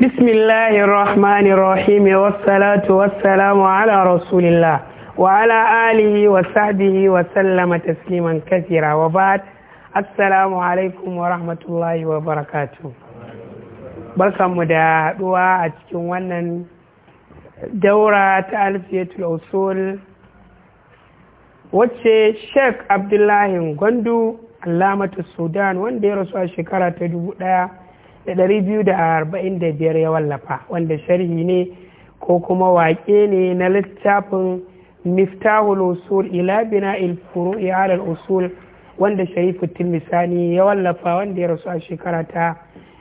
بسم الله الرحمن الرحيم والصلاة والسلام على رسول الله وعلى آله وصحبه وسلم تسليما كثيرا وبعد السلام عليكم ورحمة الله وبركاته barkanmu da haɗuwa a cikin wannan daura ta alfiyatul usul wacce sheikh abdullahi gwandu alamatu sudan wanda ya rasu a shekara ta dubu ɗaya da ɗari biyu da arba'in da biyar ya wallafa wanda sharhi ne ko kuma waƙe ne na littafin miftahul usul ila bina ilfuru furu'i usul wanda sharifuddin misani ya wallafa wanda ya rasu a shekara ta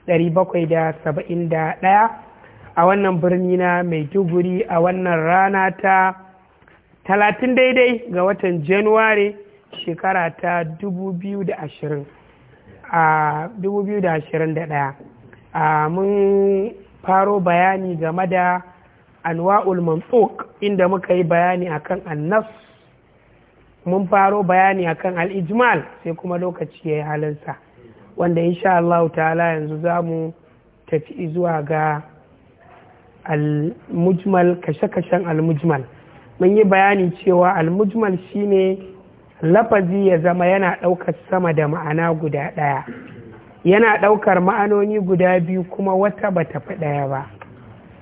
771 a wannan birni na maiduguri a wannan rana ta 30 daidai ga watan januwari shekara ta 2020 a 2021 mun faro bayani game da anwa'ul mansuk inda muka yi bayani akan annas mun faro bayani akan al'ijmal sai kuma lokaci ya yi halinsa wanda insha Allah ta'ala yanzu za mu tafi zuwa ga al-mujmal kashe-kashen al-mujmal mun yi bayani cewa al-mujmal shine lafazi ya zama yana ɗaukar sama da ma'ana guda ɗaya yana ɗaukar ma'anoni guda biyu kuma wata ba tafi ɗaya ba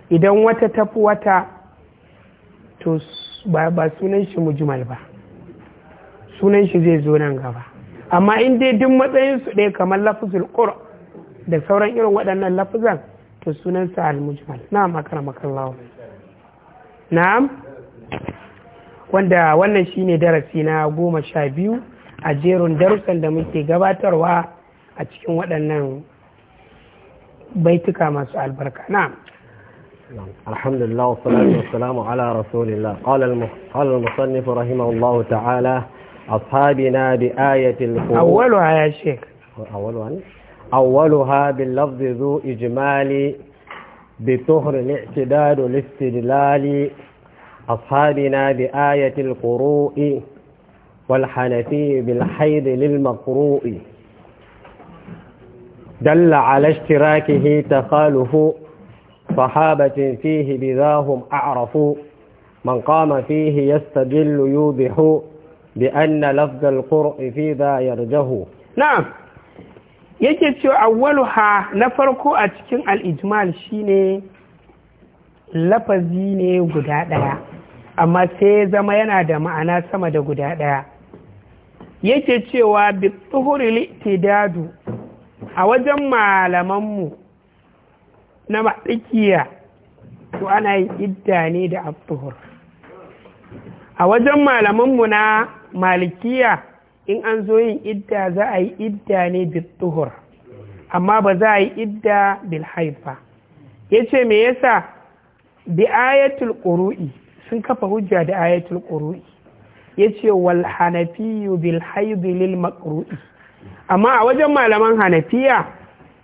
idan wata tafi wata to ba sunan shi mujmal ba sunan shi zai zo nan gaba amma in dai duk matsayinsu ɗaya kamar lafizul da sauran irin waɗannan lafizan to sunan sa al-mujmal na'am akramakallahu na'am wanda wannan shine darasi na goma sha biyu a jerin darussan da muke gabatarwa a cikin waɗannan baituka masu albarka na الحمد لله والصلاة والسلام على رسول الله قال قال المصنف رحمه الله تعالى أصحابنا بآية القرآن أولها يا شيخ أولها أولها باللفظ ذو إجمال بطهر الاعتداد الاستدلال أصحابنا بآية القروء والحنفي بالحيض للمقروء دل على اشتراكه تخالف صحابة فيه بذاهم أعرفوا من قام فيه يستدل يوضح بأن لفظ القرء في ذا يرجه نعم yake cewa awwaluha na farko a cikin al'ijmal shine lafazi ne guda ɗaya amma sai zama yana da ma'ana sama da guda ɗaya yake cewa bi tsuhuri litidadu a wajen malamanmu na maɗikiya to ana yin idda ne da abduhur a wajen malamanmu na malikiya in an zo yin idda za a yi idda ne bituhur amma ba za a yi idda bilhaifa ya ce me yasa bi ayatul ƙuru'i sun kafa hujja da ayatul ƙuru'i ya ce walhanafiyu hanafiyu lil makru'i amma a wajen malaman hanafiya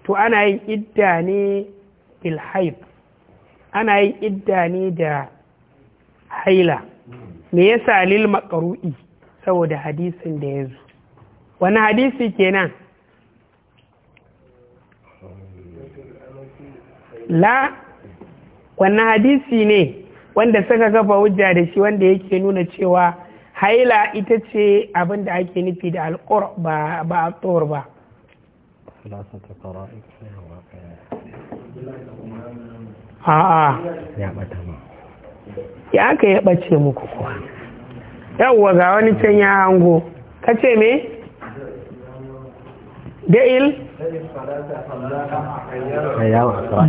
to ana yin idda ne bilhaib ana yin idda ne da haila me yasa lil makaru'i saboda hadisin da ya zo wani hadisi kenan la wannan hadisi ne wanda suka kafa hujja da shi wanda yake nuna cewa haila ita ce abin da ake nufi da alƙur ba a tsohor ba a'a ya aka ya bace muku kuwa yawwa ga wani can ya hango ka ce me? da'il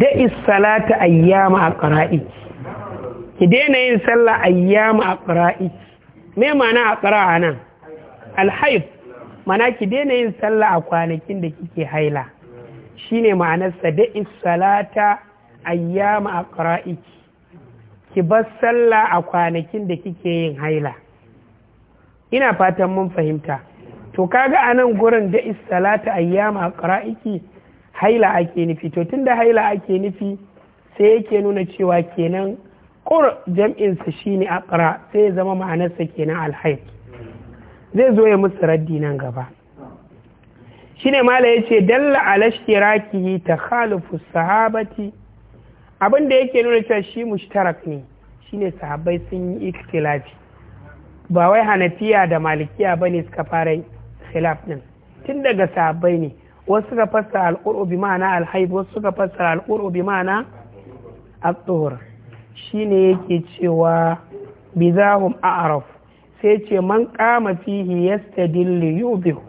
da'is salata ayyama a ƙara'i ki daina yin sallah ayyama a ƙara'i me mana a tsara a nan alhaif mana ki daina yin sallah a kwanakin da kike haila shine ma'anar sada'i salata ayyama a iki ki bar sallah a kwanakin da kike yin haila ina fatan mun fahimta to kaga anan gurin da salata ayyama a iki haila ake nufi to tunda haila ake nufi sai yake nuna cewa kenan jam'in jam'insa shine aqra sai ya zama ma'anarsa kenan alhaid zai zo ya musu raddi nan gaba shine mala yace dalla ala ishtiraki takhalufu sahabati abin da yake nuna cewa shi mushtarak ne shine sahabbai sun yi ikhtilafi ba wai hanafiya da malikiya bane suka fara khilaf din tun daga sahabbai ne wasu suka fassara alqur'u bi ma'ana alhaid wasu suka fassara alqur'u bi ma'ana at-tuhur Shi ne yake cewa bizahum a'raf sai ce man kama fihi yastadillu yubihu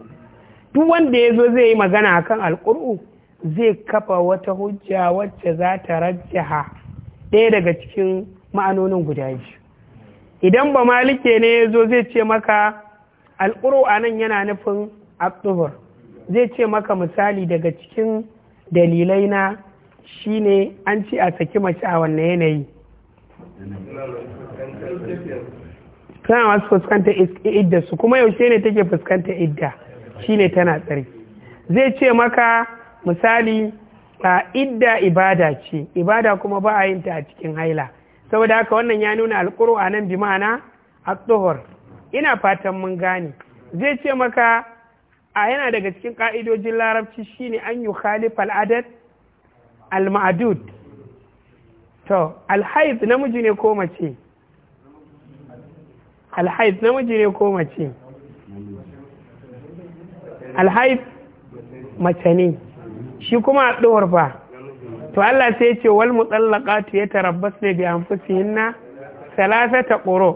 duk wanda yazo zai yi magana akan alƙur'u zai kafa wata hujja wacce za ta rajjaha ɗaya daga cikin ma'anonin guda biyu idan ba malike ne ya zai ce maka alƙur'u a nan yana nufin aktubur zai ce maka misali daga cikin dalilai na shine an ce a saki mace a wannan yanayi tana masu fuskantar idda su kuma yaushe ne take fuskantar idda shine tana tsari zai ce maka misali a idda ibada ce ibada kuma ba a yin ta a cikin haila saboda haka wannan ya nuna a nan bi a tsohor ina fatan mun gane zai ce maka a yana daga cikin ƙa'idojin larabci shine an yi khalif adad al-ma'adud to alhaiz namiji ne ko mace alhaiz namiji ne ko mace alhaiz mace ne shi kuma a ɗuwar ba to Allah sai ya ce wal mutsallaqatu yatarabbasna bi anfusihinna salasata quru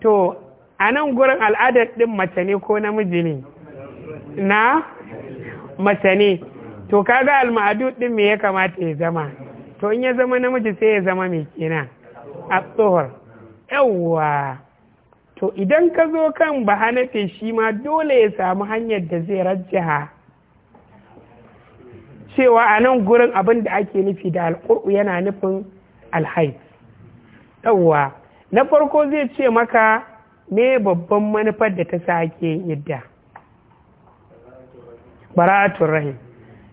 to a nan gurin al'adar ɗin mace ne ko namiji ne na mace ne to kaga al-ma'dud din me ya kamata ya zama to in ya zama namiji sai ya zama mai kina a tsohar yauwa to idan ka zo kan bahanafe shi ma dole ya samu hanyar da zai rajjaha cewa a nan gurin abin da ake nufi da alƙur'u yana nufin alhaif yauwa na farko zai ce maka ne babban manufar da ta sake yadda bara'atun rahim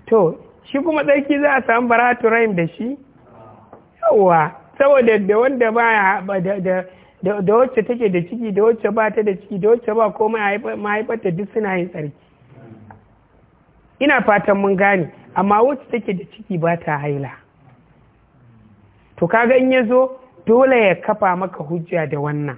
to shi kuma tsarki za a samu baratu da shi yawa saboda da wanda ba ya da wacce take da ciki da wacce ba ta da ciki da wacce ba komai mahaifarta duk suna yin tsarki ina fatan mun gane amma wacce take da ciki ba ta haila to kaga in ya zo dole ya kafa maka hujja da wannan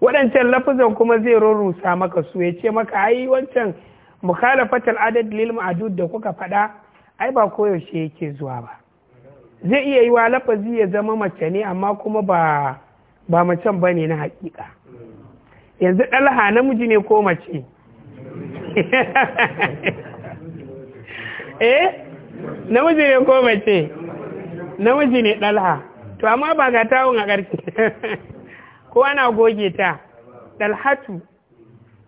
waɗancan lafazan kuma zai rurrusa maka su ya ce maka ai wancan mukhalafatul adad lil ma'dud da kuka faɗa ai ba koyaushe yake zuwa ba zai iya yi wa lafazi ya zama mace ne amma kuma ba ba macen bane na hakika yanzu ɗalha namiji ne ko mace eh namiji ne ko mace namiji ne ɗalha to amma ba ga tawun a ƙarfi ko ana goge ta ɗalhatu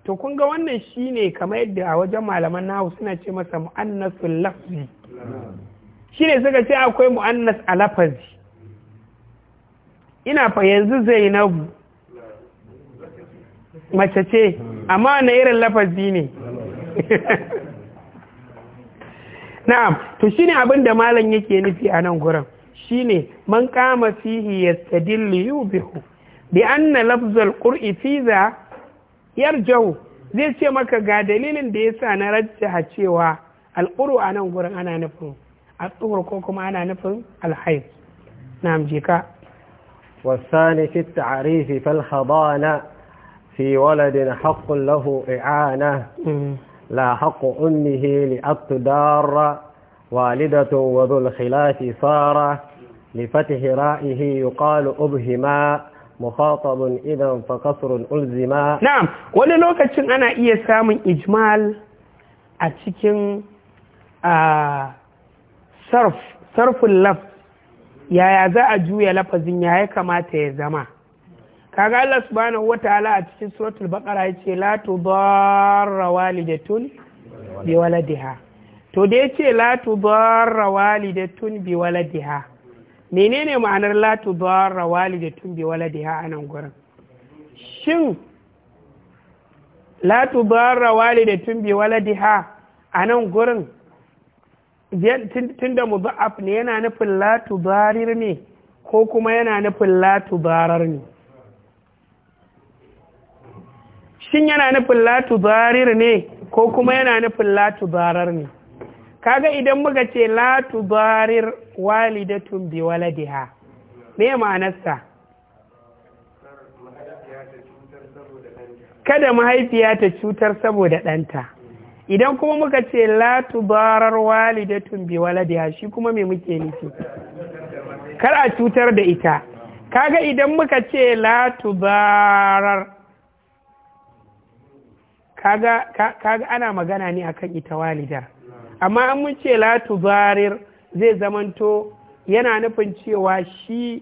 to kun ga wannan shi ne kamar yadda a wajen malaman nahu suna ce masa mu'annasu lafzi ne suka ce akwai mu'annas a lafazi ina fa yanzu zainabu mace ce amma na irin lafazi ne na'am to shine abin da malam yake nufi a nan gurin shine man kama fihi yastadillu yubihu bi anna lafzal qur'i fi za yar jau zai ce maka ga dalilin da ya sa na rajjaha cewa al'uru a nan gurin ana nufin al'uru ko kuma ana nufin alhaif na amjika wasani fi ta'arifi fal hadana fi waladin haqqun lahu i'ana mm. la haƙu ummihi li atdara walidatu wa dhul khilafi sara li fatihi ra'ihi yuqalu ubhima idan fa فقصر ulzima Na'am, wani lokacin ana iya samun ijmal a cikin sarf sarfin laf yaya za a juya lafazin ya kamata ya zama kaga Allah subhanahu wataala a cikin suratul baqara yace la tudarra walidatun bi waladiha to da yace la tudarra walidatun bi waladiha menene ma'anar latu dara walidatun bi waladiha a nan gurin shin latu dara walidatun bi waladiha a nan gurin tun da muza'af ne yana nufin latu darir ne ko kuma yana nufin latu darar ne shin yana nufin latu darir ne ko kuma yana nufin latu darar ne kaga idan muka ce la tubarir walidatun bi waladiha me ma'anarsa kada mahaifiya ta cutar saboda ɗanta idan kuma muka ce la tubarar walidatun bi waladiha shi kuma me muke nufi kar a cutar da ita kaga idan muka ce la tubarar kaga kaga ana magana ne akan ita walidar amma an mun ce la zai zamanto yana nufin cewa shi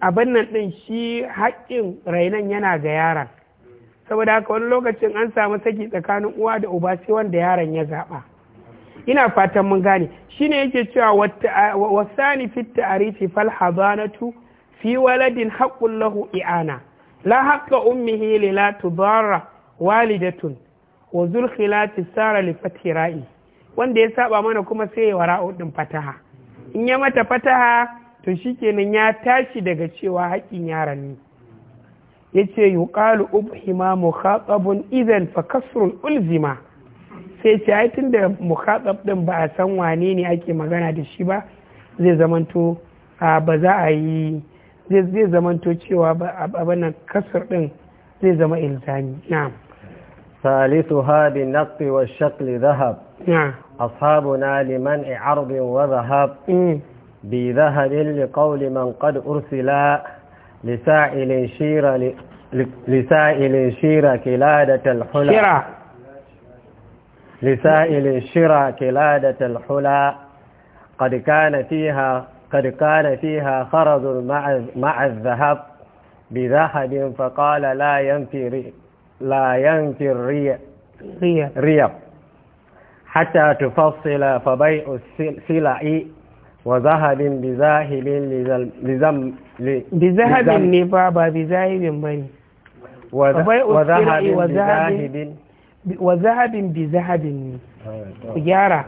abin nan ɗin shi haƙƙin rainon yana ga yaron saboda haka wani lokacin an samu saki tsakanin uwa da uba sai wanda yaron ya zaɓa ina fatan mun gane shine yake cewa wasani fit ta'arifi fal habanatu fi waladin haqqul lahu i'ana la haqqa ummihi li la tudarra walidatun wa zul khilati sara li fatira'i wanda ya saba mana kuma sai ya wara din fataha in ya mata fataha to shi shikenan ya tashi daga cewa haƙƙin yaran ne yace ƙalu ubhima mukhatabun Izan fa ulzima sai ce ai da mukhatab din ba a san wane ne ake magana da shi ba zai zamanto ba za a yi zai zamanto cewa bana kasar ɗin zai zama ilzami na' salisu bi naqi wa shaqli dhahab نعم أصحابنا لمنع عرض وذهب بذهب لقول من قد أرسلا لسائل شير لسائل شير كلادة الحلى لسائل شير كلادة الحلى قد كان فيها قد كان فيها خرز مع مع الذهب بذهب فقال لا ينفي لا ينفي الريق ريق حتى تفصل فبيع السلع وذهب بذاهب لزم بذهب لبابا بذاهب بني وذهب بذاهب وذهب بذهب gyara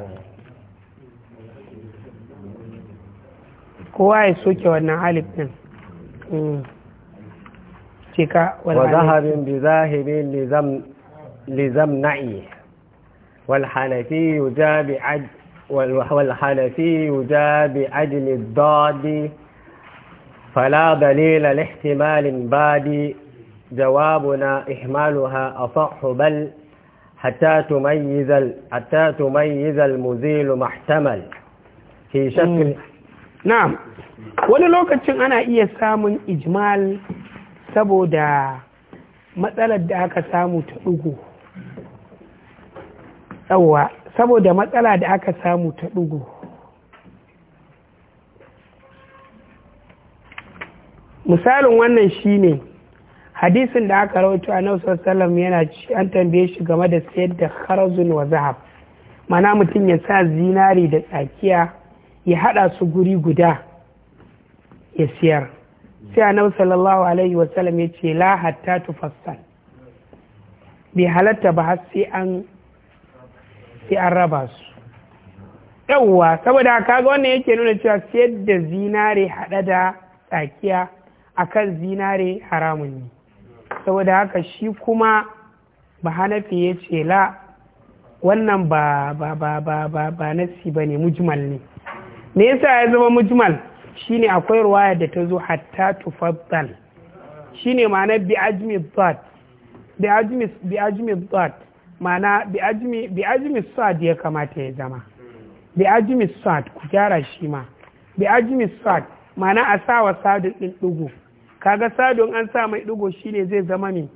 kowa ya soke wannan alif din cika wa zahabin bi zahibin lizam na'i والحنفي جاء بعد والحنفي جاء بعدل الضاد فلا دليل لاحتمال بادي جوابنا إهمالها أصح بل حتى تميز حتى تميز المزيل محتمل في شكل نعم wani lokacin ana iya samun ijmal saboda matsalar da aka samu ta ɗugu yawwa saboda matsala da aka samu ta ɗugu misalin wannan shine hadisin da aka rawaito a nausar salam yana ci an tambaye shi game da sayar da kharazun wa zahab mana mutum ya sa zinari da tsakiya ya hada su guri guda ya siyar sai a nausar sallallahu alaihi wasallam ya ce la hatta bai halatta ba har sai an sai an raba su yawwa saboda kaga wannan yake nuna cewa siyar da zinare haɗa da tsakiya akan zinare haramun ne saboda haka shi kuma ba hanafi ya ce la wannan ba ba ba ba ba ba nasi ba ne mujmal ne me yasa ya zama mujmal shine akwai ruwaya da ta zo hatta tufaddal shi ma'anar bi ajmi bi ajmi bi ajmi mana bi ajimi sad ya kamata ya zama bi ajimi sad ku gyara shi ma bi ajimi sad mana a sa wa sadun din dugu kaga sadun an sa mai dugu shine zai zama ne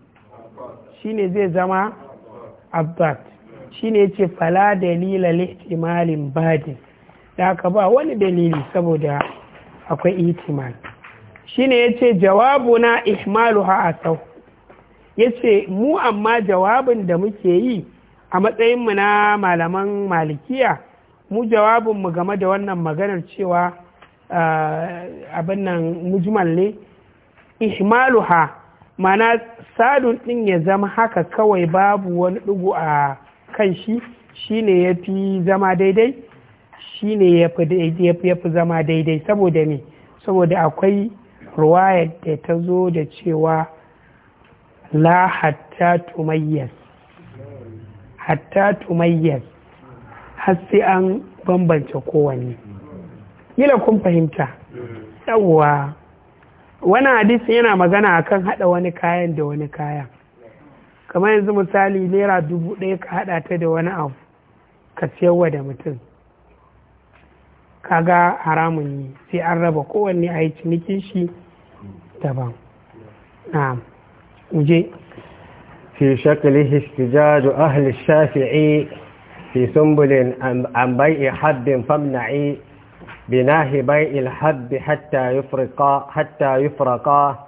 shine zai zama abbat shine yace fala dalila li ihtimalin badin da haka ba wani dalili saboda akwai ihtimal shine yace jawabuna ihmaluha asau ya ce mu amma jawabin da muke yi a matsayinmu na malaman malikiya mu jawabin mu game da wannan maganar cewa eh, abin nan mujmal ne ihmaluha mana sadun din ya zama haka kawai babu wani ɗugu a kan shi shine ya fi zama daidai shine ya fi zama daidai saboda ne saboda akwai ruwayar da ta zo da cewa la hatta tumayyaz hatta tumayyaz har sai an bambance kowanne kila kun fahimta yawwa wani hadisi yana magana akan haɗa wani kayan da wani kaya kamar yanzu misali naira dubu ɗaya ka haɗa ta da wani abu ka siyarwa da mutum kaga haramun ne sai an raba kowanne a yi cinikin shi daban na'am وجي في شكله احتجاج أهل الشافعي في سنبل عن بيع حب فامنعي بناه بيع الحب حتى يفرقا حتى يفرقا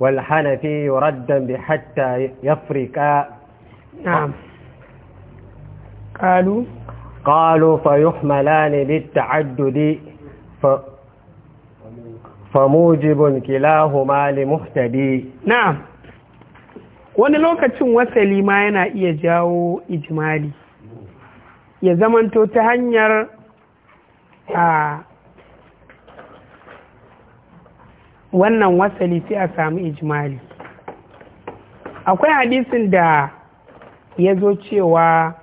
والحنفي يردا بحتى يفرقا نعم قالوا قالوا فيحملان بالتعدد ف فموجب كلاهما لمهتدي نعم wani lokacin wasali ma yana iya jawo ijimali ya zamanto ta hanyar a wannan wasali sai a samu ijimali akwai hadisin da ya zo cewa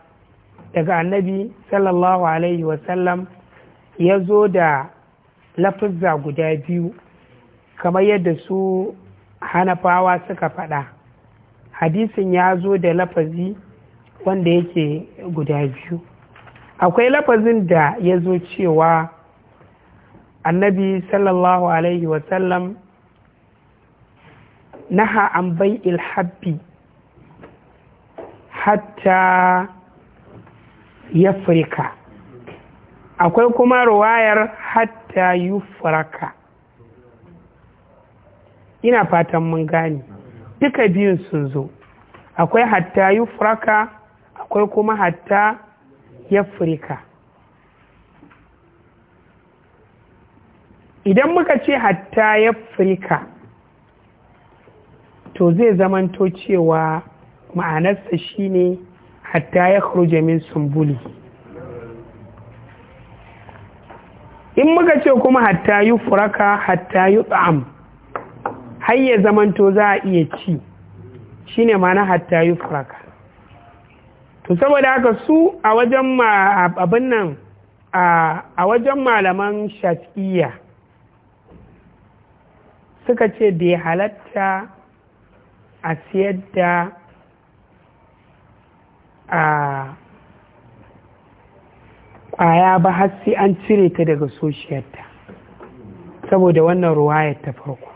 daga annabi sallallahu alaihi wasallam ya zo da lafizza guda biyu kamar yadda su hanafawa suka faɗa hadisin ya zo da lafazi wanda yake guda biyu akwai lafazin da ya zo cewa annabi sallallahu alaihi wasallam naha an bai ilhabbi hatta yafrika akwai kuma ruwayar hatta yufraka ina fatan mun gane duka biyun sun zo akwai hatta furaka akwai kuma hatta furika idan muka ce hatta furika to zai zamanto cewa ma'anarsa shine hatta ya min sumbuli in muka ce kuma hatta yi furaka hatta yi har ya zamanto za a iya ci shi ne mana hatta yi furaka to saboda haka su a wajen abin nan a wajen malaman shafiya suka ce da ya halatta a siyar da a kwaya ba har sai an cire ta daga soshiyarta saboda wannan ruwa ta farko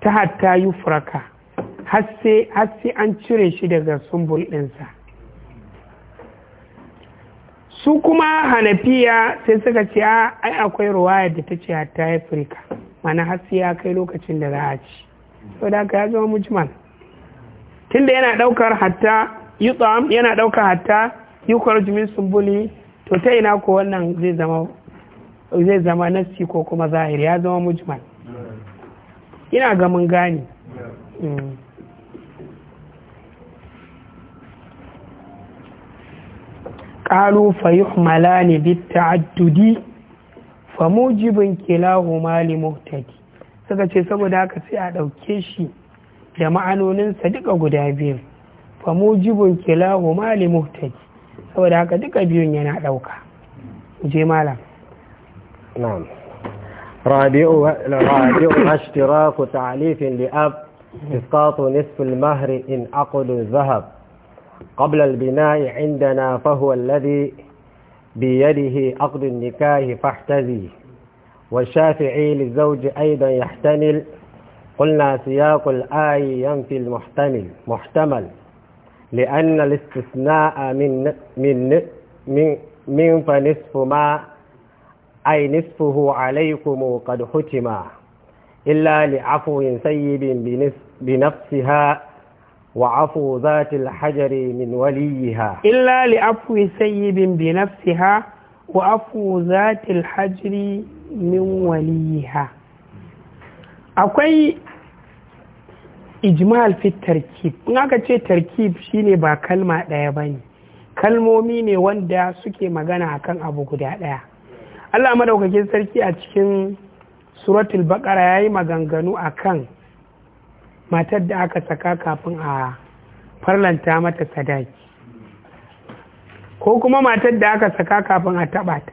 ta hatta yufraka har sai an cire shi daga sumbul ɗinsa su kuma hanafiya sai suka ce ah, ai akwai ruwaya da ta ce hatta ya furika mana har ya kai lokacin da za a ci sau da ya zama mujmal tunda yana daukar hatta yutsam yana daukar hatta yukar jimin sumbuli to ta ina ko wannan zai zama zai zama ko kuma zahiri ya zama mujmal ina ga mun gane قالوا mm. fa بالتعدد kilahu mali muhtadi suka ce saboda haka sai a ɗauke shi da ma'anoninsa duka guda biyu fa mujibun kilahuma mali muhtadi saboda haka duka biyun yana ɗauka je malam na'am رابعها اشتراك تعليف لأب إسقاط نصف المهر إن أقل الذهب قبل البناء عندنا فهو الذي بيده أقل النكاه فاحتذي والشافعي للزوج أيضا يحتمل قلنا سياق الآي ينفي المحتمل محتمل لأن الاستثناء من من من من فنصف ما أي نصفه عليكم قد ختم إلا لعفو سيب بنفسها وعفو ذات الحجر من وليها إلا لعفو wa بنفسها وعفو ذات الحجر من وليها Akwai ijmal fi tarkib in aka ce tarkib shine ba kalma ɗaya ba kalmomi ne wanda suke magana akan abu guda ɗaya Allah madaukakin sarki a cikin suratul baqara yayi maganganu akan matar da aka saka kafin a farlanta mata sadaki ko kuma matar da aka saka kafin a taba ta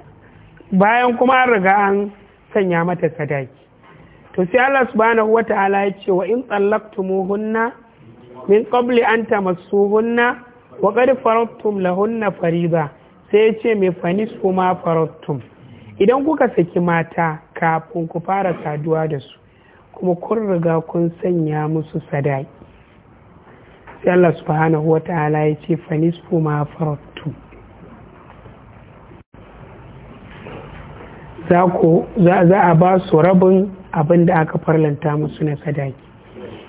bayan kuma an riga an sanya mata sadaki to sai Allah subhanahu wata'ala ya ce wa in tsallaqtumuhunna min qabli an tamassuhunna wa qad faradtum lahunna fariba sai ya ce me fanis kuma faradtum idan kuka saki mata kafin ku fara saduwa da su kuma kun riga kun sanya musu sadaki sai Allah subhanahu wa ta'ala ya ce ma farattu za a ba su rabin abin da aka farlanta musu na sadaki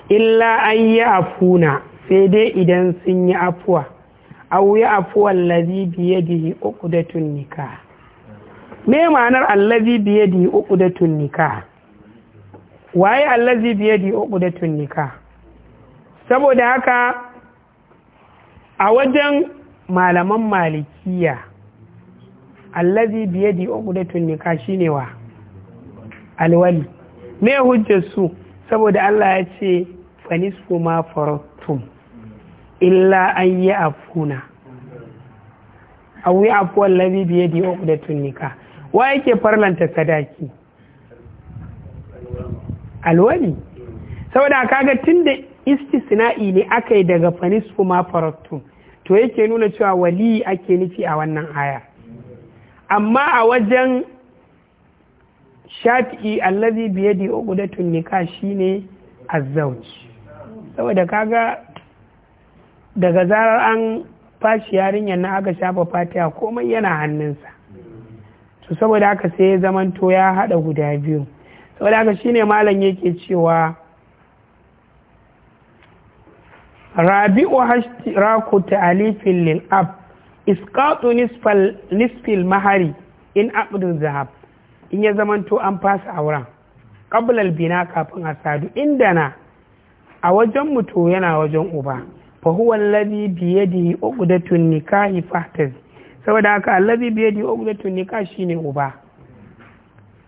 illa an yi afuna sai dai idan sun yi afuwa au yi afuwan lazi biye da uku da nika me ma'anar allazi uku da nikah waye allazi uku da nikah saboda haka a wajen malaman malikiya allazi uku da nikah shine wa alwali me hujjar su saboda Allah ya ce fanisku ma farattum illa an yi afuna awi afuwan labi biye da uqdatun nikah wa yake farlanta sadaki alwani saboda kaga tunda istisna'i ne aka yi daga fanis ma farattu to yake nuna cewa wali ake nufi a wannan aya amma a wajen shafi'i allazi biyadi uqdatun nikah shine azzauj saboda kaga daga zarar an fashi yarinyar na aka shafa fatiha komai yana hannunsa to saboda haka sai ya zamanto ya haɗa guda biyu saboda haka shine malam yake cewa rabi'u hashtiraku ta'alifin lil ab isqatu nisfal nisfil mahari in aqdu zahab in ya zamanto an fasa auren al bina kafin a sadu inda na a wajen mutu yana wajen uba fa huwa alladhi bi yadihi uqdatun nikahi fahtazi saboda haka allazi bi yadi uqdatun nikah shine uba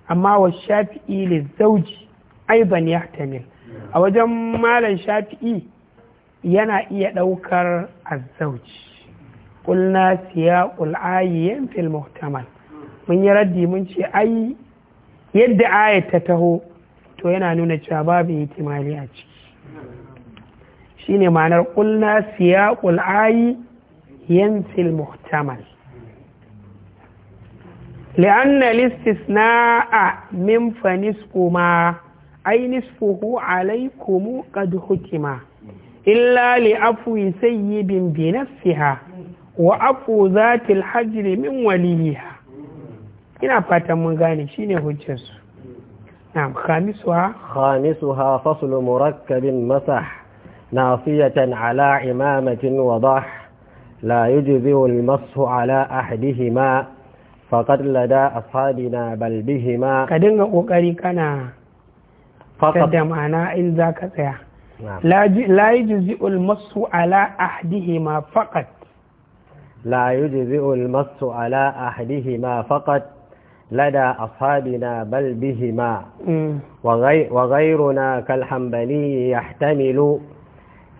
amma wa shafi'i li zawji aiban yahtamil a wajen malam shafi'i yana iya daukar azzauji qulna siya ayyin fil muhtamal mun yi raddi mun ce ai yadda aya ta taho to yana nuna cewa babu ihtimali a ciki shine ma'anar kulna siya ayyi fil muhtamal لأن الاستثناء من فنسكما أي نسفه عليكم قد حكما إلا لأفو سيب بنفسها وأفو ذات الحجر من وليها إن أفات مغاني شيني هجس نعم خامسها خامسها فصل مركب مسح ناصية على عمامة وضح لا يجزئ المسح على أحدهما faƙad lada ashabina bal bihima ka dinga ƙoƙari kana da ma'ana in za ka tsaya la yi yujzi'ul masu ala ma faqat la yi yujzi'ul masu ala ma Lada ahdihima faqat لدى أصحابنا بل بهما وغير وغيرنا كالحنبلي يحتمل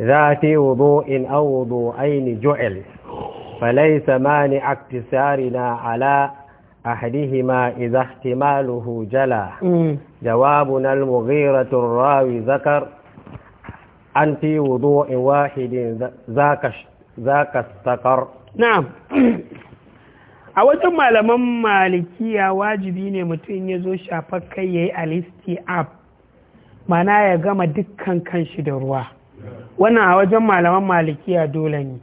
ذا في وضوء أو وضوءين جعل فليس مانع اكتسارنا على أحدهما إذا احتماله جلا جوابنا المغيرة الراوي ذكر أن في وضوء واحد ذاك ذاك استقر نعم a wajen malaman malikiya wajibi ne mutum ya zo shafar kai ya yi alisti ab, mana ya gama dukkan kanshi da ruwa wannan a wajen malaman malikiya dole ne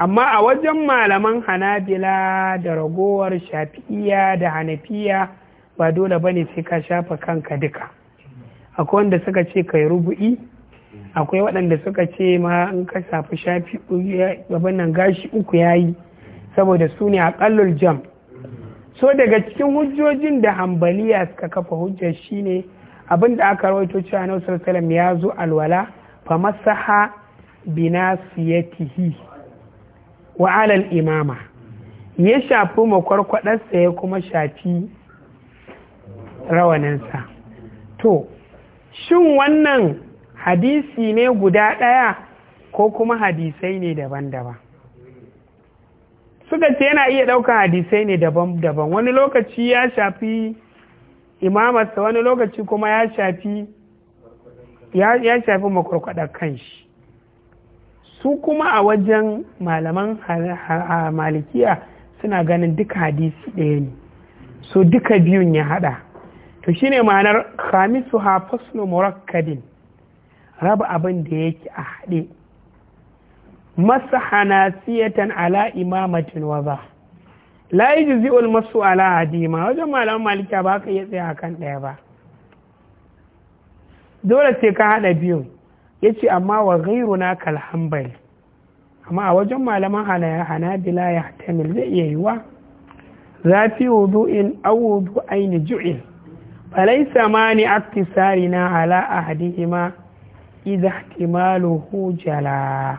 amma a wajen malaman hanabila da ragowar shafi'iya da hanafiya ba dole bane sai ka shafa kanka duka akwai wanda suka ce kai rubu'i akwai waɗanda suka ce ma in ka shafi shafi gaban nan gashi uku yayi saboda su ne a ƙallul jam so daga cikin hujjojin da hambaliya suka kafa hujjar shine abin da aka rawaito cewa na wasu ya zo alwala fa masaha siyatihi wa alal imama ya shafi makwarkwadarsa ya kuma shafi rawaninsa to shin wannan hadisi ne guda ɗaya ko kuma hadisai ne daban-daban suka ce yana iya ɗaukar hadisai ne daban-daban wani lokaci ya shafi imamarsa wani lokaci kuma ya shafi ya shafi makwarkwadar kanshi su kuma a wajen malaman malikiya suna ganin duka hadisi ɗaya ne so duka biyun ya haɗa to shine ma'anar khamisu ha faslu murakadin, raba abin da yake a haɗe masa hanasiyatan ala imamatin waza la yujzi'ul masu ala hadima wajen malaman malikiya ba ka iya tsaya akan ɗaya ba dole sai ka haɗa biyun ya ce amma wa gairu na kalhambali amma a wajen malaman bila ya tamil zai iya yiwa zafi wudu'in awudu aini ju'in falaysa mani aktisarina ala ahadihima idza ihtimaluhu jala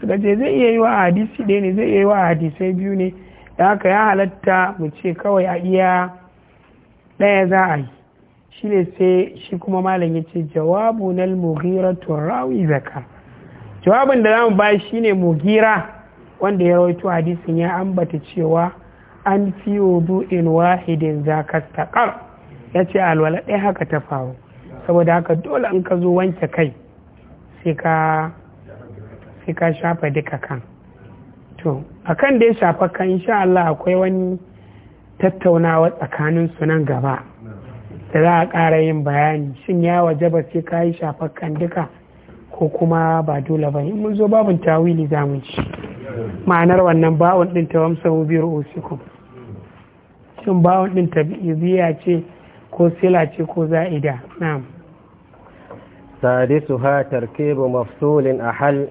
suka ce zai iya yiwa hadisi ɗaya ne zai iya yiwa hadisai biyu ne da haka ya halatta mu ce kawai a iya ɗaya za a yi shi ne sai shi kuma malam ya ce jawabu na mugira rawi zaka jawabin da zamu ba shi ne mugira wanda ya rawaito hadisin ya ambata cewa an fi wudu in wahidin zaka takar ya ce alwala ɗaya haka ta faru saboda haka dole in ka zo wanke kai sai ka shafa duka kan to akan da ya shafa kan insha Allah akwai wani tattaunawa tsakanin su nan gaba da za a ƙara yin bayani shin ya wajaba sai ka yi shafakkan duka ko kuma ba dole ba in mun zo babin tawili za mu ci ma'anar wannan bawon din ta wamsa biyar usikum shin bawon din biya ce ko sila ce ko za'ida na'am سادسها تركيب مفصول أحل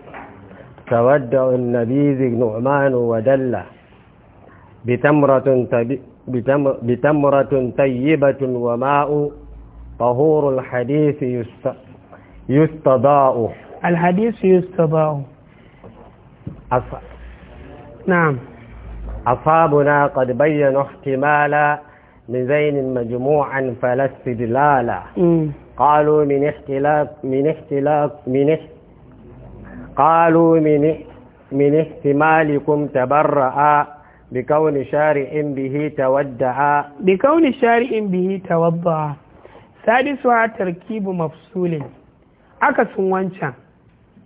تودع النبيذ نعمان ودل بتمرة تبي بتمر بتمرة طيبة وماء طهور الحديث يست... يستضاء الحديث يستضاء أص... نعم أصابنا قد بينوا من زين مجموعا فلا استدلالا قالوا من احتلاك من احتلاك من احت... قالوا من من احتمالكم تبرأ بكون شارع به تودع بكون شارع به تودع سادسها تركيب مفصول akasin wancan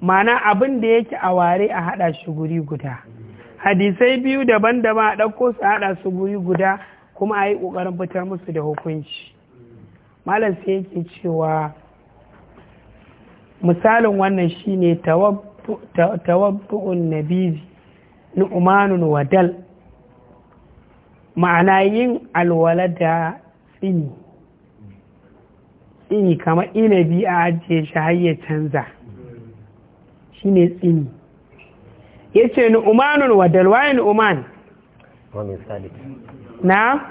mana abin da yake a ware a haɗa shi guda hadisai biyu daban-daban a ɗauko su haɗa su guri guda kuma a yi ƙoƙarin fitar musu da hukunci malam sai yake cewa misalin wannan shine tawabbu'un nabizi nu'manun wadal ma'ana yin alwala da tsini tsini kamar inabi a ajiye shi har canza shi ne tsini ya ce ni umanun wa dalwaye ni uman na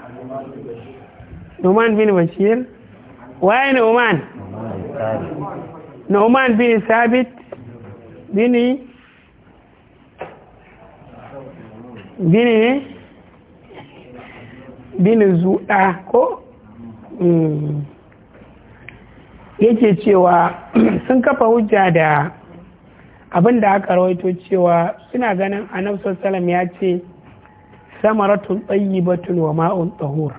numan bin bashir waye ni na numan bin sabit bini bini ne binin zuɗa ko mm. yake cewa sun kafa hujja da abin da aka rawaito cewa suna ganin annabi salam ya ce samaratun tsayyibatun wa ma'un tsahur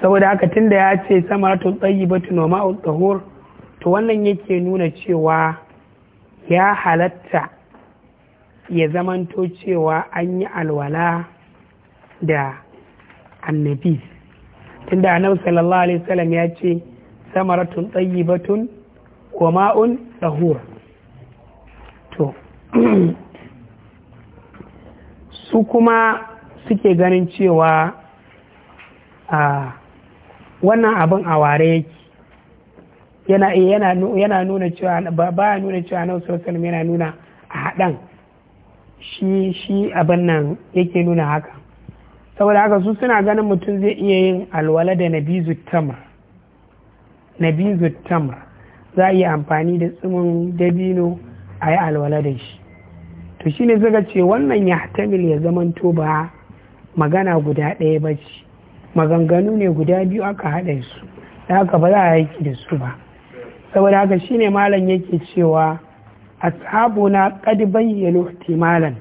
saboda haka tunda ya ce samaratun tsayyibatun wa ma'un tsahur to wannan yake nuna cewa ya halatta ya zamanto cewa an yi alwala da annabi tunda annabi sallallahu alaihi wasallam ya ce samaratun tayyibatun wa ma'un tahura to su kuma suke ganin cewa a wannan abin a ware yake yana eh, yana nuna cewa ba ya nuna cewa annabi sallallahu yana nuna a haɗan shi shi abin nan yake nuna haka saboda haka su suna ganin mutum zai iya yin alwala da nabizu tamar za a yi amfani da tsimin dabino a yi alwala da shi to shi ne suka ce wannan ya tamil ya zamanto ba magana guda ɗaya ba ce maganganu ne guda biyu aka haɗa su da haka ba za a yaki da su ba saboda haka shi ne malam yake cewa a ashabuna ya bayyana ihtimalan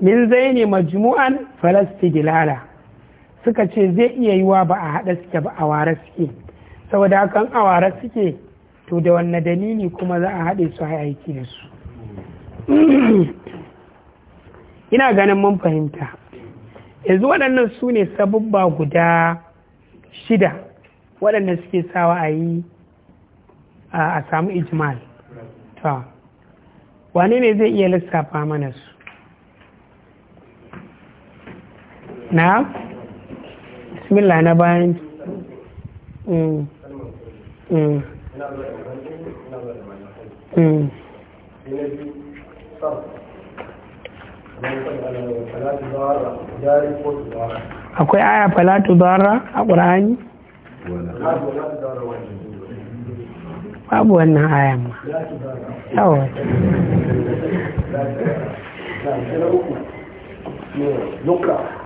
min zai ne majmu'an falastigilala suka ce zai iya yiwa ba a haɗa suke ba a ware suke saboda hakan a ware suke to da wanne dalili kuma za a haɗe su a aiki da su ina ganin mun fahimta yanzu waɗannan su ne sabubba guda shida waɗanda suke sawa a yi a samu ijmal Wanene wane ne zai iya lissafa mana su na bismillah na bayan mm. Mm. Mm. akwai aya falatu zara a ƙura'ani? babu wannan aya ma yawon nuka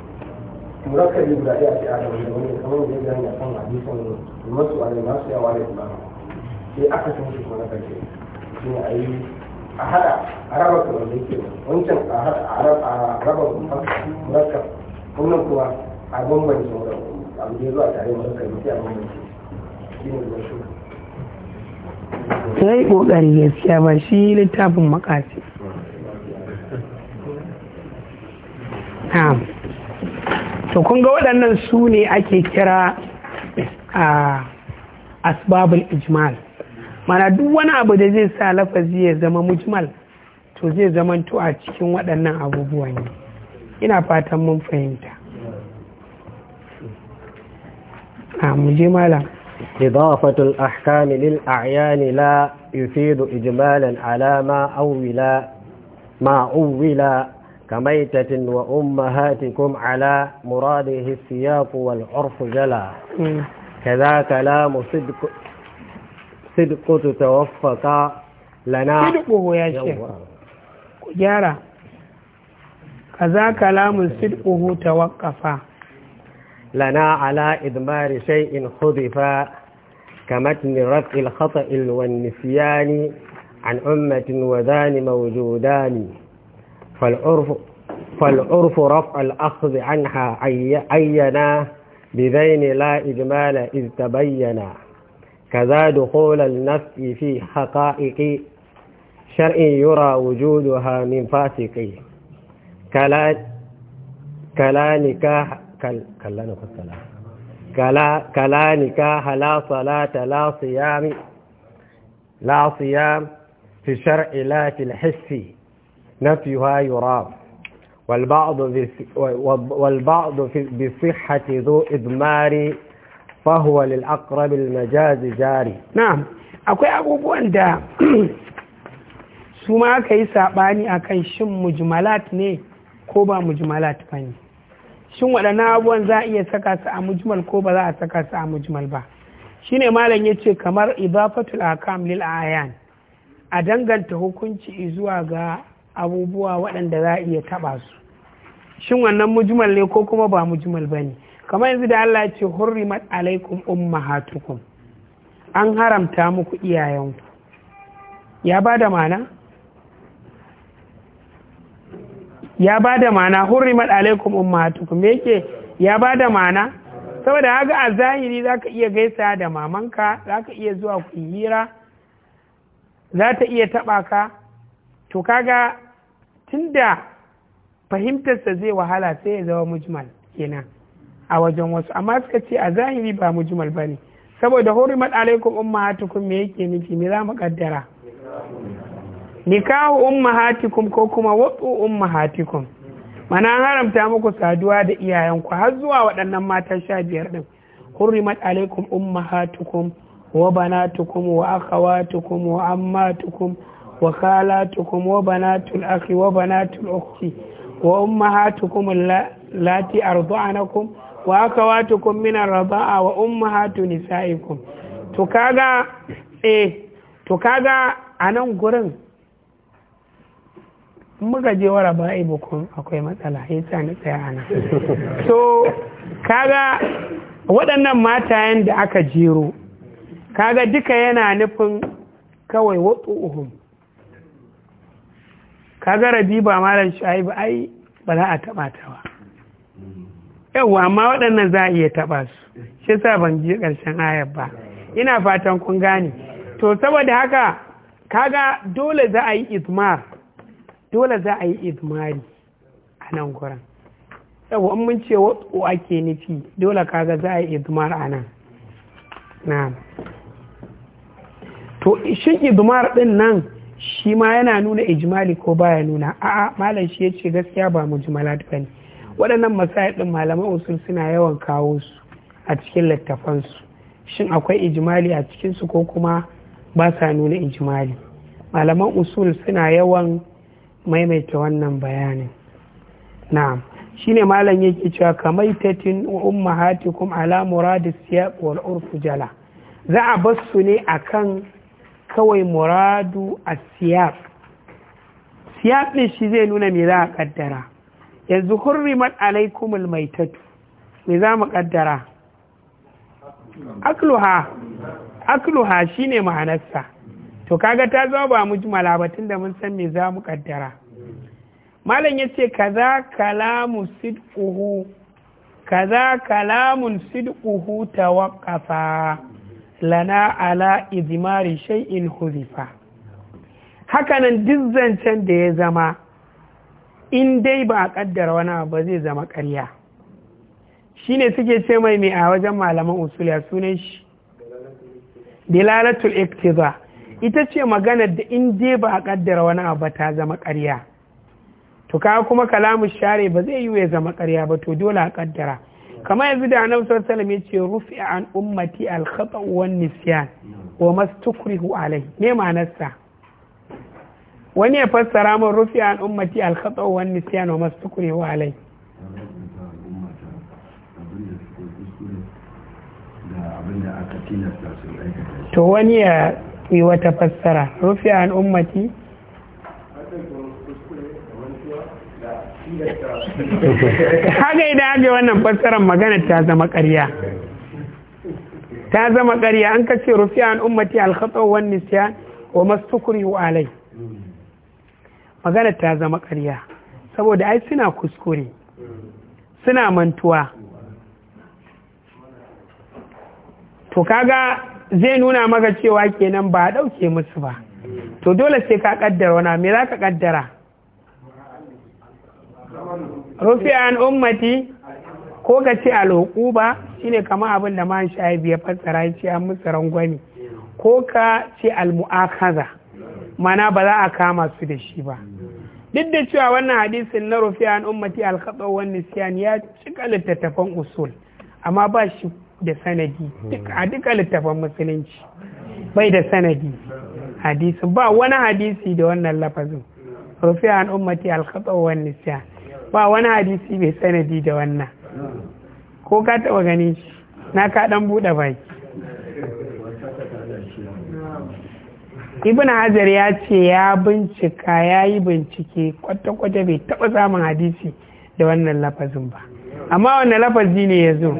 murakkabi guda ɗaya ce aka yi domin kamar yadda yana kan hadisin masu wani masu yawa da ba sai aka san shi kuma na karshe shi ne a yi a haɗa a raba kamar da yake wancan a haɗa a raba murakkab wannan kuma a bambance abu da zuwa tare murakkabi sai a bambance shi ne zuwa shi sai kokari gaskiya ba shi littafin makasi na'am to kun ga waɗannan su ne ake kira a asbabul ijmal mana duk wani abu da zai sa lafazi ya zama mujmal to zai zama a cikin waɗannan abubuwan ne ina fatan mun fahimta a muje malam إضافة الأحكام للأعيان لا يفيد إجمالا على ما أول ما كميتة وأمهاتكم على مراده السياق والعرف جلا كذا كلام صدق صدق تتوفق لنا صدقه يا شيخ جارة كذا كلام صدقه توقف لنا على إدمار شيء خذف كمتن رفع الخطأ والنسيان عن أمة وذان موجودان فالعرف فالعرف رفع الأخذ عنها عينا بذين لا إجمال إذ تبينا كذا دخول النفس في حقائق شرع يرى وجودها من فاسق كلا كلا نكاح كلا كلا كلا كلا نكاح لا صلاة لا صيام لا صيام في الشرع لا في الحس نفيها يراب والبعض, والبعض بصحة ذو إدمار فهو للأقرب المجاز جاري نعم akwai abubuwan da su ma aka yi saɓani akan shin mujmalat ne ko ba mujmalat shin waɗannan abubuwan za a iya saka su a mujmal ko ba za a saka su a mujmal ba shine malam ya ce kamar ibafatul akam lil ayan a danganta hukunci zuwa ga abubuwa waɗanda za a iya taɓa su shin wannan mujmal ne ko kuma ba mujmal ba ne kamar yanzu da Allah ce hurrimat alaikum ummahatukum an haramta muku iyayenku ya ba da mana ya ba da mana hurrimat alaikum ummahatukum me yake ya ba da mana saboda haka a zahiri zaka iya gaisa da mamanka zaka iya zuwa ku hira za ta iya taɓa ka to kaga tunda fahimtarsa zai wahala sai ya zama mujmal kenan a wajen wasu amma suka ce a zahiri ba mujmal ba ne saboda hurimat alaikum ummahatukum me yake nufi me za mu kaddara nikahu ummahatikum ko kuma wadu ummahatikum mana haramta muku saduwa da iyayen ku har zuwa waɗannan matan sha biyar din hurrimat alaikum ummahatukum wa banatukum wa akhawatukum wa ammatukum وخالاتكم وبنات الأخ وبنات الأخ وأمهاتكم التي أرضعنكم وأخواتكم من الرضاء وأمهات نسائكم تكاغا إيه تكاغا أنا قرن muka je wara ba'i bukun akwai matsala ya sa ni tsaya ana so kaga waɗannan matayen da aka jero kaga duka yana nufin kawai uhun Ka kaga ba malam shu'aibu ai ba za a taba ta ba yawwa amma waɗannan za a iya taba su shi sa ban ji ƙarshen ayar ba ina fatan kun gane to saboda haka kaga dole za a yi izmar dole za a yi izmari a nan gurin yawwa in mun ce wato ake nufi dole kaga za a yi izmar a nan na to shin izmar din nan shi ma yana nuna ijimali ko baya nuna a'a malam shi ya ce gaskiya ba mu mujmalat bane waɗannan masail ɗin malaman usul suna yawan kawo su a cikin littafansu shin akwai ijimali a cikinsu ko kuma ba sa nuna ijimali malaman usul suna yawan maimaita wannan bayanin na'am shine malam yake cewa kamaitatin ummahatikum ala muradis siyaq wal urfu jala za a su ne a kan? kawai muradu a siyaf siyaf ne shi zai nuna me za a kaddara yanzu hurrimat alaikum almaitatu me za mu kaddara akluha akluha shine ma'anarsa to kaga ta zama ba mujmala ba tunda mun san me za mu kaddara malam yace kaza kalamu sidquhu kaza kalamun sidquhu tawaqqafa lana ala izimari shay'in huzifa hakanan duk zancen da ya zama in dai ba a kaddara wani abu zai zama ƙarya shine suke ce mai mai a wajen malaman usuliya sunan shi dilalatul iktiza ita ce magana da in dai ba a kaddara wani abu ta zama ƙarya to kuma kalamu share ba zai yi ya zama ƙarya ba to dole a kaddara kamar yanzu da annabi sallallahu alaihi ya ce rufi an ummati al khata wan nisyan wa mastukrihu alai me ma'anarsa wani ya fassara min rufi an ummati al khata wan nisyan wa mastukrihu alai to wani ya yi wata fassara rufi an ummati haka idan aka wannan fassarar magana ta zama ƙarya ta zama ƙarya an kace rufi an ummati alkhatau wan nisyan wa wa alai magana ta zama ƙarya saboda ai suna kuskure suna mantuwa to kaga zai nuna maka cewa kenan ba a ɗauke musu ba to dole sai ka ƙaddara wana me za ka ƙaddara rufi an ummati ko ka ce shi shine kama abin da man sha'ibi biya fassara ya ce an musu rangwani ko ka ce almu'akaza mana ba za a kama su da shi ba duk da cewa wannan hadisin na rufi an ummati alkhaba wan nisyan ya cika littattafan usul amma ba shi da sanadi a duka littattafan musulunci bai da sanadi hadisi ba wani hadisi da wannan lafazin rufi an ummati alkhaba wan nisyan ba wani hadisi mai sanadi da wannan ko ka taba gani shi na ka dan bude baki ibn hajar ya ce ya bincika ya yi bincike kwata-kwata bai taba samun hadisi da wannan lafazin ba amma wannan lafazi ne ya zo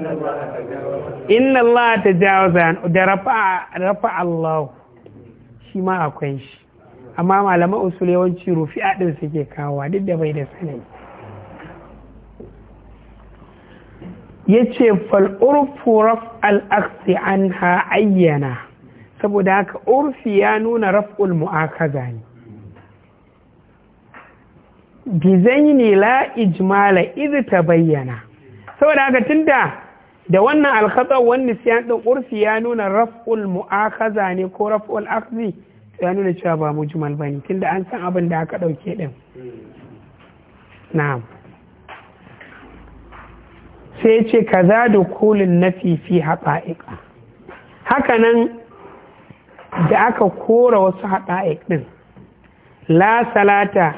inna Allah ta jawaza da rafa Allah shi ma akwai shi amma malaman usul yawanci rufi adin suke kawo duk da bai da sanadi ya ce fal'urfu raf aksi an ha ayyana saboda haka urfi ya nuna raf'ul mu'akaza ne bizaini la ijmala izi ta bayyana saboda haka tunda da wannan alkhata wani siyan ɗin urfi ya nuna raf'ul mu'akaza ne ko raf'ul aksi ya nuna cewa ba mujmal bane tunda an san abin da aka ɗauke ɗin na'am sai ce za da kulin na fifi haɗa’iƙa hakanan da aka kora wasu haƙa'iƙ ɗin la salata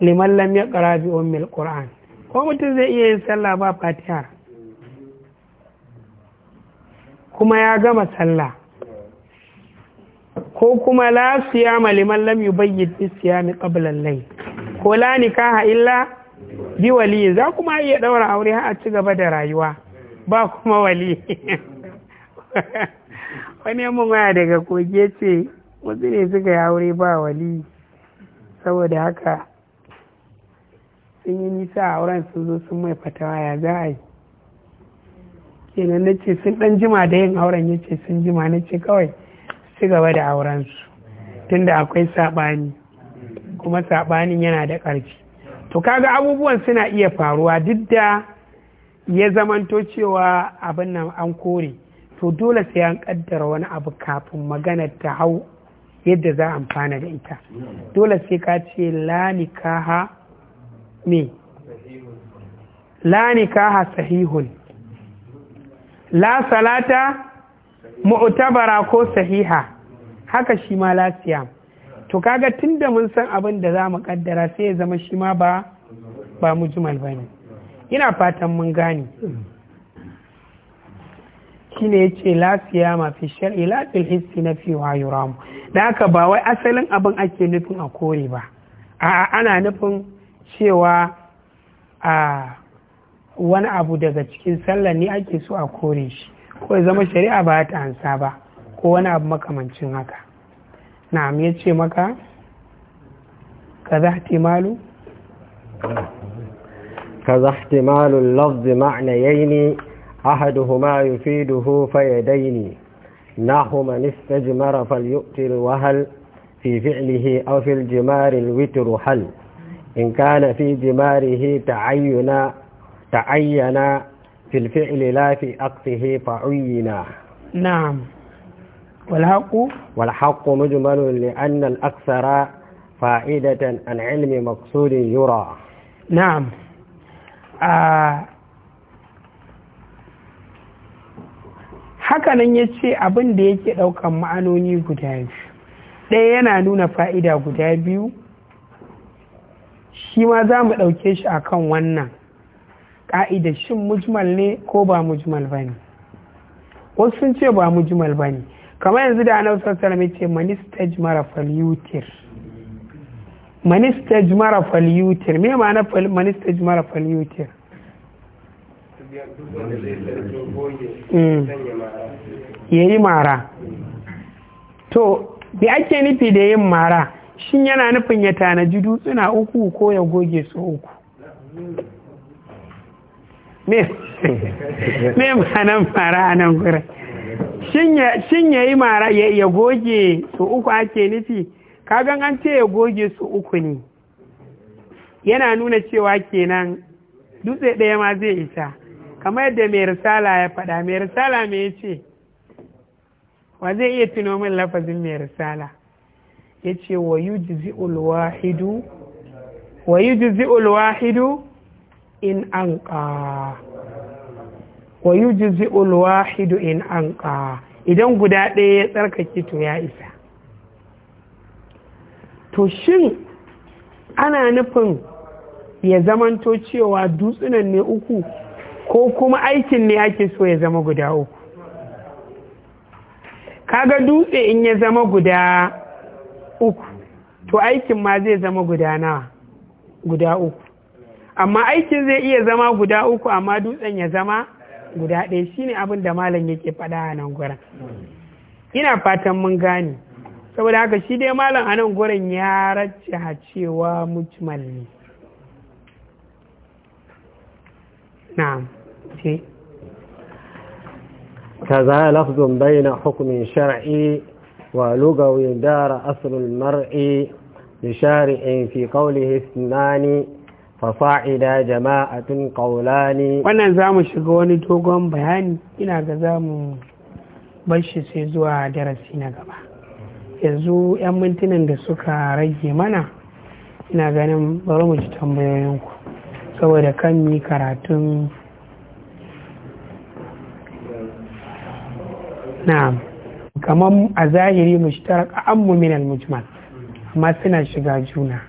liman lam ya ƙara bi mil ko mutum zai iya yin sallah ba fatiha kuma ya gama sallah ko kuma la siyama liman lam yi siyami qabla lai ko la nikaha illa bi wali za kuma iya ɗaura aure har a ci gaba da rayuwa ba kuma wali wani yamma waya daga koge ce wasu ne suka yi aure ba wali saboda haka sun yi nisa a auren sun zo sun mai fatawa ya za a yi kenan na ce sun ɗan jima da yin auren ya ce sun jima na ce kawai ci gaba da aurensu tunda akwai saɓani kuma saɓanin yana da ƙarfi to kaga abubuwan suna iya faruwa duk da ya zamanto cewa abin nan an kore to dole sai an kaddara wani abu kafin magana ta hau yadda za a amfana da ita dole sai ka ce la nikaha me la nikaha sahihun la salata mu'tabara ko sahiha haka shi ma la to kaga da mun san abin da za mu kaddara sai ya zama shi ma ba ba mujmal ba ne ina fatan mun gane shi ne ya ce lafiya mafi shari'a. lafiya hissi na fi wa yuramu da haka ba wai asalin abin ake nufin a kore ba a ana nufin cewa a wani abu daga cikin sallar ne ake so a kore shi ko ya zama shari'a ba ta ansa ba ko wani abu makamancin haka na'am lafzi ma'ana ahadu huma yi fi duhu ne na humanista jimara falyotir wahal fi fi'lihi hal in kana fi jimarihi fa'uyina والحق والحق مجمل لأن الأكثر فائدة عن علم مقصود يرى نعم آه hakanan ya ce abin da yake ɗaukan ma'anoni guda biyu ɗaya yana nuna fa'ida guda biyu shi ma za mu ɗauke shi akan wannan ƙa'ida shin mujmal ne ko ba mujmal ba ne wasu sun ce ba mujmal ba ne kamar yanzu da annabi sallallahu alaihi wasallam ce manistaj mara falyutir manistaj mara falyutir me ma'ana manistaj mara falyutir mm. ya yi mara to bi ake nufi da yin mara shin yana nufin ya tanaji dutsuna uku ko ya goge su uku me ma'anan mara a nan gurin shin ya yi mara ya goge su uku ake nufi kagan an ce ya goge su uku ne yana nuna cewa kenan dutse ɗaya ma zai isa kamar yadda mai risala ya faɗa mai risala mai ya ce wa zai iya tuno min lafazin mai risala ya ce wa yi ji zi'ulwa hidu in an ƙa wa yujzi'ul wahidu in an idan guda ɗaya ya tsarkake to ya isa to shin ana nufin ya zamanto cewa dutsunan ne uku ko kuma aikin ne ake so ya zama guda uku kaga dutse in ya zama guda uku to aikin ma zai zama guda nawa guda uku amma aikin zai iya zama guda uku amma dutsen ya zama guda ɗaya shine abin da malam yake faɗa a nan ina fatan mun gani saboda haka shi dai malam a nan ya race ha cewa mujmal ne na ce kaza lafzun bayyana hukumin shar'i wa lugawin dara asalin mar'i bishari'in fi kaulihis nani fasa'ida jama'atun qaulani wannan zamu shiga wani dogon bayani ina ga zamu bar shi sai zuwa darasi na gaba yanzu 'yan mintunan da suka rage mana ina ganin bari mu ji tambayoyinku saboda kan mi karatun na'am kamar a zahiri mushtarak ammu min al-mujmal amma suna shiga juna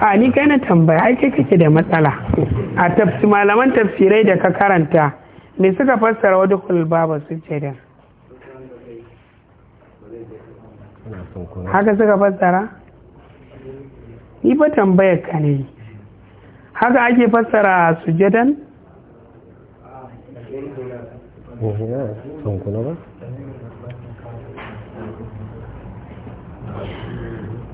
a ni kai na tambaya ai kai kake da matsala a tafsi malaman tafsirai da ka karanta me suka fassara wadda kulba ba su ce da haka suka fassara ni ba tambayar ka ne haka ake fassara sujadan? ba?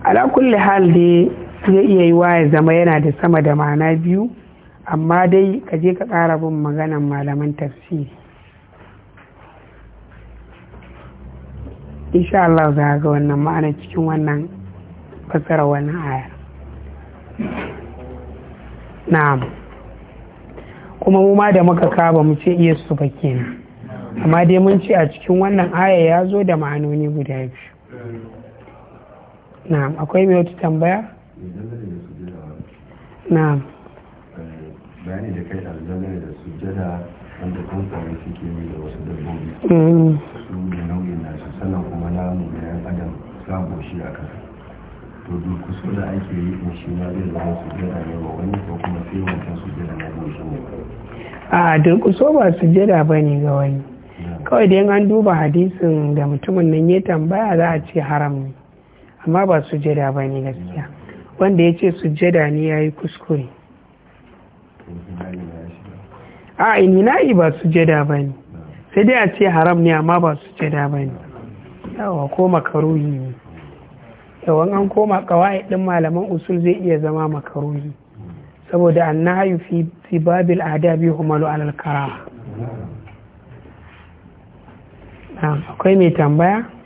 ala kulli hal dai zai iya yi ya zama yana da sama da ma'ana biyu amma dai ka je ka kara bin maganan malaman tafsiri insha Allah za ga wannan ma'ana cikin wannan fasara wannan aya na'am kuma mu ma da muka kaba mu ce iya su kenan amma dai mun ce a cikin wannan aya ya zo da ma'anoni guda biyu na'am akwai mai wata tambaya eh, na'am eh, bayani da kai aljanna da sujjada wanda kan tsari suke yi da wasu dabbobi mm. su ne nau'in nasu sannan kuma namu da yan adam sabo shi a kasa to durkuso da ake yi in shi ma zai zama sujjada ne ba wani ko kuma sai wancan sujjada na shi ne a durkuso ba sujjada ba ne ga wani kawai da an duba hadisin da mutumin nan ya tambaya za a ce haram ne amma ba sujada ba ne gaskiya wanda ya ce sujada ne ya yi kuskure a inina'i ba sujada ba ne sai dai a ce haram ne amma ba sujada ba ne yawa ko karuhi ne yawan an koma kawai ɗin malaman usul zai iya zama makaruhi saboda hayu fi babil adabi humalu alal karama akwai mai tambaya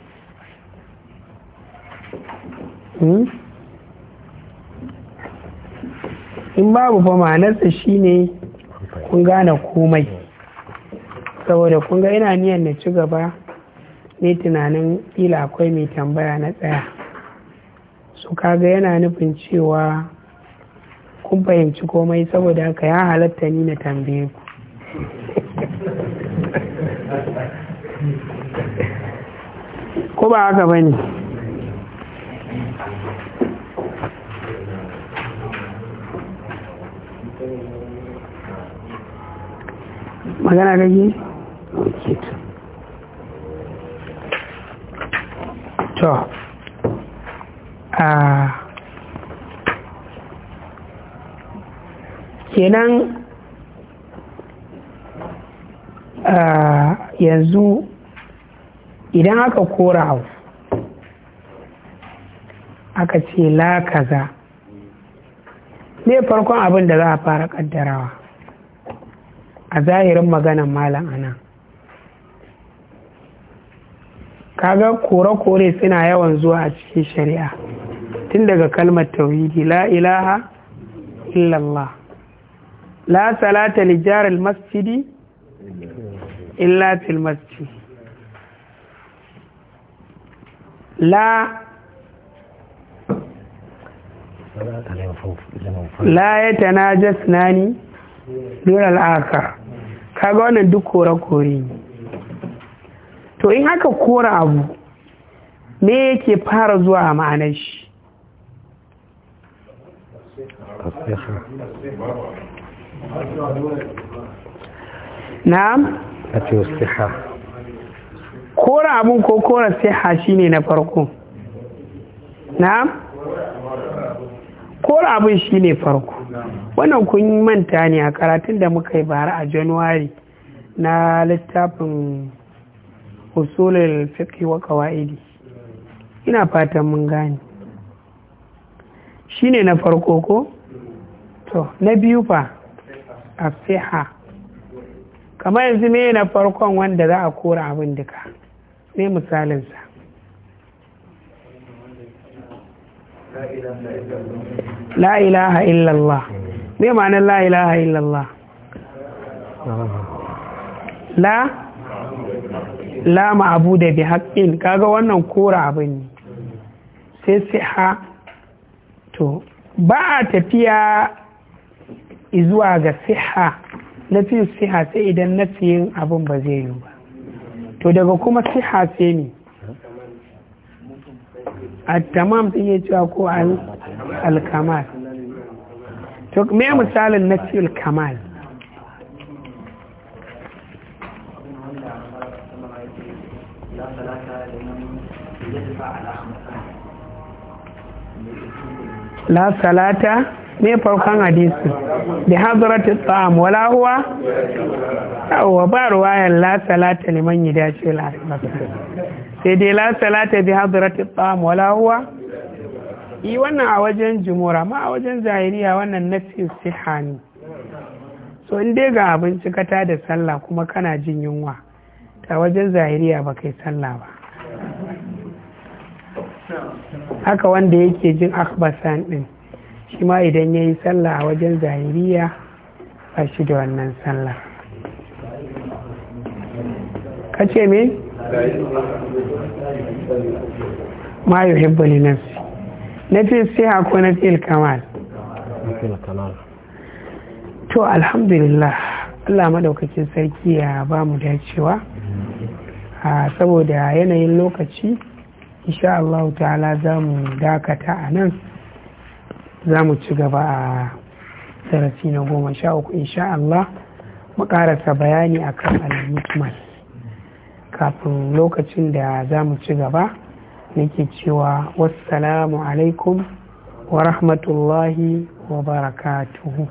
Hmm? in babu fa ma'anarsa shine kun gane komai saboda kun ga ina niyan na ci gaba ne tunanin kila akwai mai tambaya na tsaya su ka ga yana nufin cewa kun fahimci komai saboda haka ya halatta ni na tambaye ku ko ba haka bane magana da yi to kenan yanzu idan aka kora abu aka ce la kaza ne farkon abin da za a fara kaddarawa a zahirin maganan malam ana kaga kore-kore suna yawan zuwa a cikin shari'a tun daga kalmar tauhidi la ilaha illallah la salata li jaral masjidi illa til masjid la la ya tanajasnani dun al'akar kaga wannan duk kore-kore ne to in aka kore abu me yake fara zuwa a ma'anar shi na'am a kora abun ko kora siha ne na farko na'am kora abin shi ne farko wannan kun manta ne a karatun da muka yi bara a januwari na littafin usulul fiqh wa qawaidi ina fatan mun gane shine na farko ko to na biyu fa ha, kamar yanzu me na farkon wanda za a kora abin duka ne misalinsa la ilaha illallah me ma'anar la ilaha illallah la la ma'abu da bi haƙƙin kaga wannan kora abin ne sai si ha to ba a tafiya zuwa ga siha na fiye siha sai idan na fiye abin ba zai yi ba to daga kuma siha sai ne at-tamam din ya cewa ko al-kamal to me misalin na ce al-kamal la salata me farkon hadisi bi hadratit ta'am wala huwa wa ba ruwayan la salata liman yadashi la salata sai dai la salata bi hadratit tam wala huwa yi wannan a wajen jumura ma a wajen zahiriya wannan nafi sihani so in dai ga abinci cika ta da sallah kuma kana jin yunwa ta wajen zahiriya ba kai sallah ba haka wanda yake jin akbasan din shi ma idan yayi sallah a wajen zahiriya ba shi da wannan sallah kace ce me? ma yi na fi ko na fi kamal to alhamdulillah allah maɗaukacin sarki ya ba mu dacewa saboda yanayin lokaci insha Allah ta'ala za mu dakata a nan za mu ci gaba a darasi na goma sha uku insha Allah mu ƙarasa bayani akan al-mukmal kafin lokacin da za mu ci gaba nake cewa wassalamu alaikum wa rahmatullahi wa barakatuhu